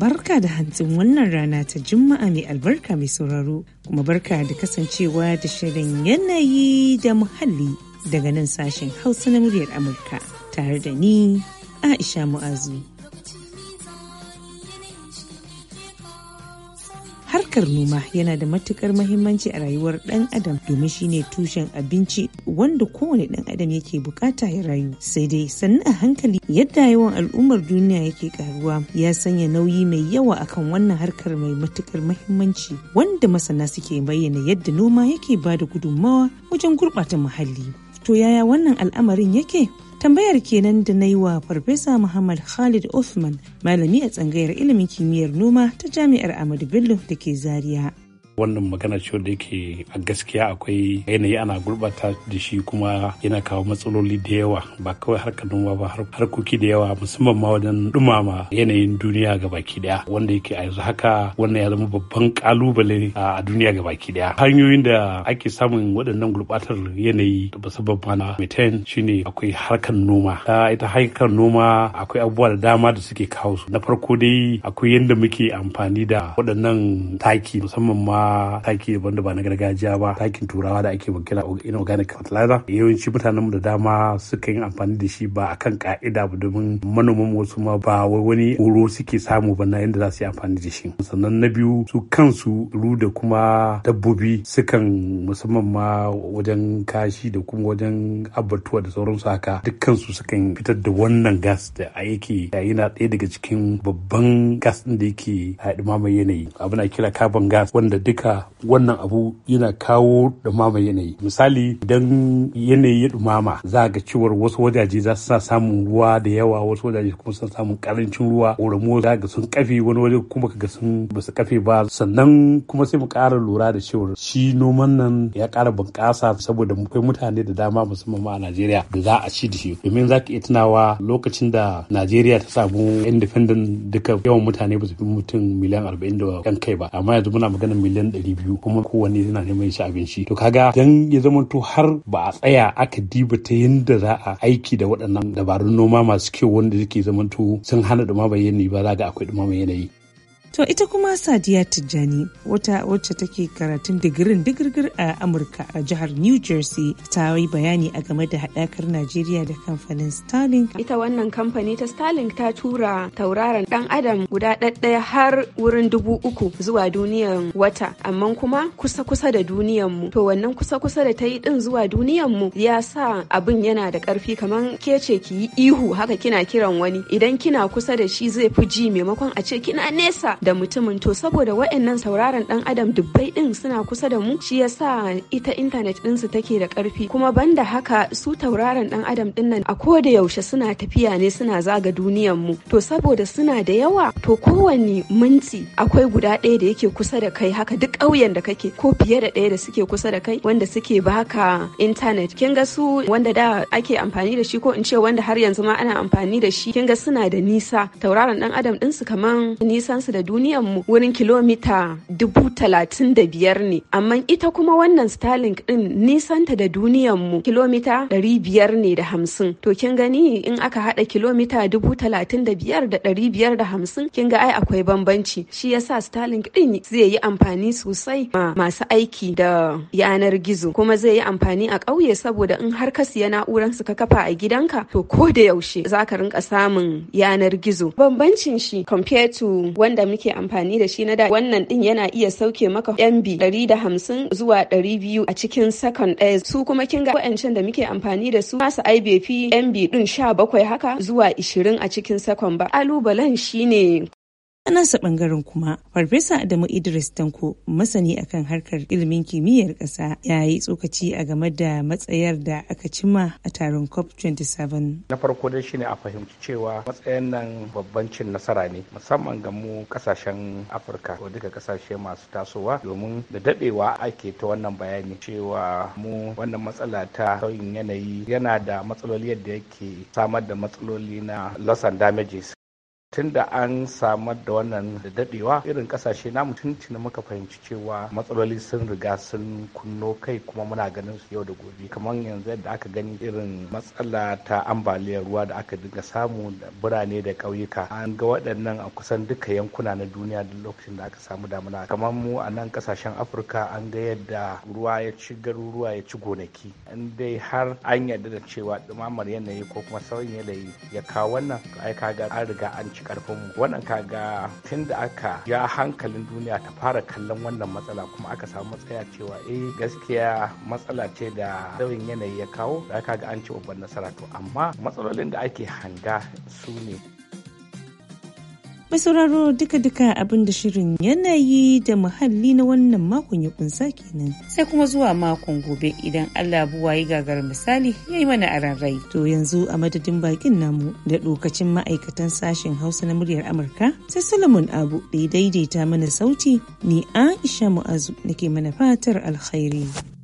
barka da hantsin wannan rana ta Juma'a mai albarka mai sauraro kuma barka da kasancewa da shirin yanayi da muhalli daga nan sashen Hausa na muryar Amurka tare da ni Aisha Mu'azu. harkar noma yana da matukar mahimmanci a rayuwar dan adam domin shine tushen abinci wanda kowane dan adam yake bukata ya rayu sai dai sannan a hankali yadda yawan al'ummar duniya yake karuwa ya sanya nauyi mai yawa akan wannan harkar mai matukar mahimmanci wanda masana suke bayyana yadda noma yake bada gudummawa wajen gurbata muhalli To yaya wannan al'amarin yake? Tambayar kenan da na yi wa Farfesa Muhammad Khalid Othman, malami a tsangayar ilimin kimiyyar noma ta Jami'ar Ahmadu Bello da ke Zaria. wannan magana cewa da yake a gaskiya akwai yanayi ana gurbata da shi kuma yana kawo matsaloli da yawa ba kawai harkar noma ba harkoki da yawa musamman ma wajen dumama yanayin duniya ga baki daya wanda yake a yanzu haka wannan ya zama babban kalubale a duniya ga baki daya hanyoyin da ake samun waɗannan gurbatar yanayi ba ma na metan shine akwai harkar noma ita harkar noma akwai abubuwa da dama da suke kawo su na farko dai akwai yanda muke amfani da waɗannan taki musamman ma taki daban da ba na gargajiya ba takin turawa da ake wakila inorganic fertilizer yawanci mutanen mu da dama suka yi amfani da shi ba akan ka'ida ba domin manoman wasu ma ba wani horo suke samu ba na yadda za su yi amfani da shi sannan na biyu su kansu ru da kuma dabbobi sukan musamman ma wajen kashi da kuma wajen abbatuwa da sauransu haka dukkansu sukan fitar da wannan gas da yake yana ɗaya daga cikin babban gas ɗin da yake haɗu mamaye yanayi abin kira carbon gas wanda duk ka wannan abu yana kawo dumama yanayi misali idan yanayi ya dumama za ga cewar wasu wajaje za su samun ruwa da yawa wasu wajaje kuma sun samun karancin ruwa oromo za ga sun kafe wani waje kuma ga sun ba su kafe ba sannan kuma sai mu kara lura da cewar shi noman nan ya kara bunƙasa saboda mu kai mutane da dama musamman ma a Najeriya da za a ci da shi domin za ka iya tunawa lokacin da Najeriya ta samu independent duka yawan mutane ba su fi mutum miliyan arba'in da kan kai ba amma yanzu muna magana miliyan miliyan ɗari biyu kuma kowanne yana neman shi abinci to kaga dan ya zamanto har ba a tsaya aka diba ta yadda za a aiki da waɗannan dabarun noma masu kyau wanda suke zamanto sun hana ɗumama yanayi ba za ga akwai ɗumama yanayi To ita kuma Sadiya Tijjani wata wacce take karatun digirin digirgir a Amurka a jihar New Jersey ta yi bayani a game da haɗakar Najeriya da kamfanin Starlink. Ita wannan kamfani ta Starlink ta tura tauraron ɗan adam guda ɗaɗɗaya har wurin dubu uku zuwa duniyan wata amma kuma kusa kusa da duniyan mu. To wannan kusa kusa da ta yi ɗin zuwa duniyan mu ya sa abin yana da ƙarfi kamar ke ce ki yi ihu haka kina kiran wani idan kina kusa da shi zai fi ji maimakon a ce kina nesa da mutumin to saboda waɗannan sauraron dan adam dubbai din suna kusa da mu shi yasa ita intanet ɗinsu take da karfi kuma banda haka su tauraron dan adam din nan a koda yaushe suna tafiya ne suna zaga duniyan mu to saboda suna da yawa to kowanne minti akwai guda ɗaya da yake kusa da kai haka duk ƙauyen da kake ko fiye da ɗaya da suke kusa da kai wanda suke baka intanet kin ga su wanda da ake amfani da shi ko in ce wanda har yanzu ma ana amfani da shi kin ga suna da nisa tauraron dan adam ɗinsu kaman nisansu da duniya duniyar mu wurin kilomita dubu talatin da biyar ne amma ita kuma wannan starlink din nisanta da duniyar mu kilomita ɗari biyar ne da hamsin to kin gani in aka hada kilomita dubu talatin da biyar da ɗari biyar da hamsin kin ga ai akwai bambanci shi yasa starlink din zai yi amfani sosai ma masu aiki da yanar gizo kuma zai yi amfani a ƙauye saboda in har ka siya na'uran su ka kafa a gidanka to ko da yaushe za ka rinka samun yanar gizo bambancin shi compared to wanda muke amfani da shi na da wannan din yana iya sauke maka MB 150 zuwa 200 a cikin second ɗaya su kuma kin ga wa'ancan da muke amfani da su masu IBP MB din 17 haka zuwa 20 a cikin second ba kalubalen shine A nasa bangaren kuma, Farfesa Adamu Idris Tanko, masani akan harkar ilimin kimiyyar ƙasa, ya yi tsokaci a game da matsayar da aka cimma a taron COP27. Na farko dai shine a fahimci cewa matsayin nan babban cin nasara ne, musamman ga mu kasashen Afirka ko duka kasashe masu tasowa domin da dadewa ake ta wannan bayani cewa mu wannan matsala ta sauyin yanayi yana da matsaloli yadda yake samar da matsaloli na loss and damages tun da an samar da wannan da dadewa irin kasashe namu tun tuni muka fahimci cewa matsaloli sun riga sun kunno kai kuma muna ganin su yau da gobe kamar yanzu yadda aka gani irin matsala ta ambaliyar ruwa da aka dinga samu da birane da ƙauyuka an ga waɗannan a kusan duka yankuna na duniya duk lokacin da aka samu damuna kamar mu a nan kasashen afirka an ga yadda ruwa ya ci garuruwa ya ci gonaki in dai har an yarda da cewa ɗumamar yanayi ko kuma sauyin yanayi ya kawo wannan ai kaga an riga an ci mu. wannan kaga tun da aka ja hankalin duniya ta fara kallon wannan matsala kuma aka samu matsaya cewa eh gaskiya matsala ce da sauyin yanayi ya kawo da aka ga an ci babban nasara to amma matsalolin da ake hanga su ne Mai sauraro duka-duka abin da shirin yanayi da muhalli na wannan makon ya kunsa kenan. Sai kuma zuwa makon gobe idan Allah buwa yi gagar misali ya yi mana aran rai. To yanzu a madadin bakin namu da lokacin ma'aikatan sashen Hausa na muryar Amurka sai Solomon Abu da ya daidaita mana sauti ni Aisha Mu'azu nake mana fatar alkhairi.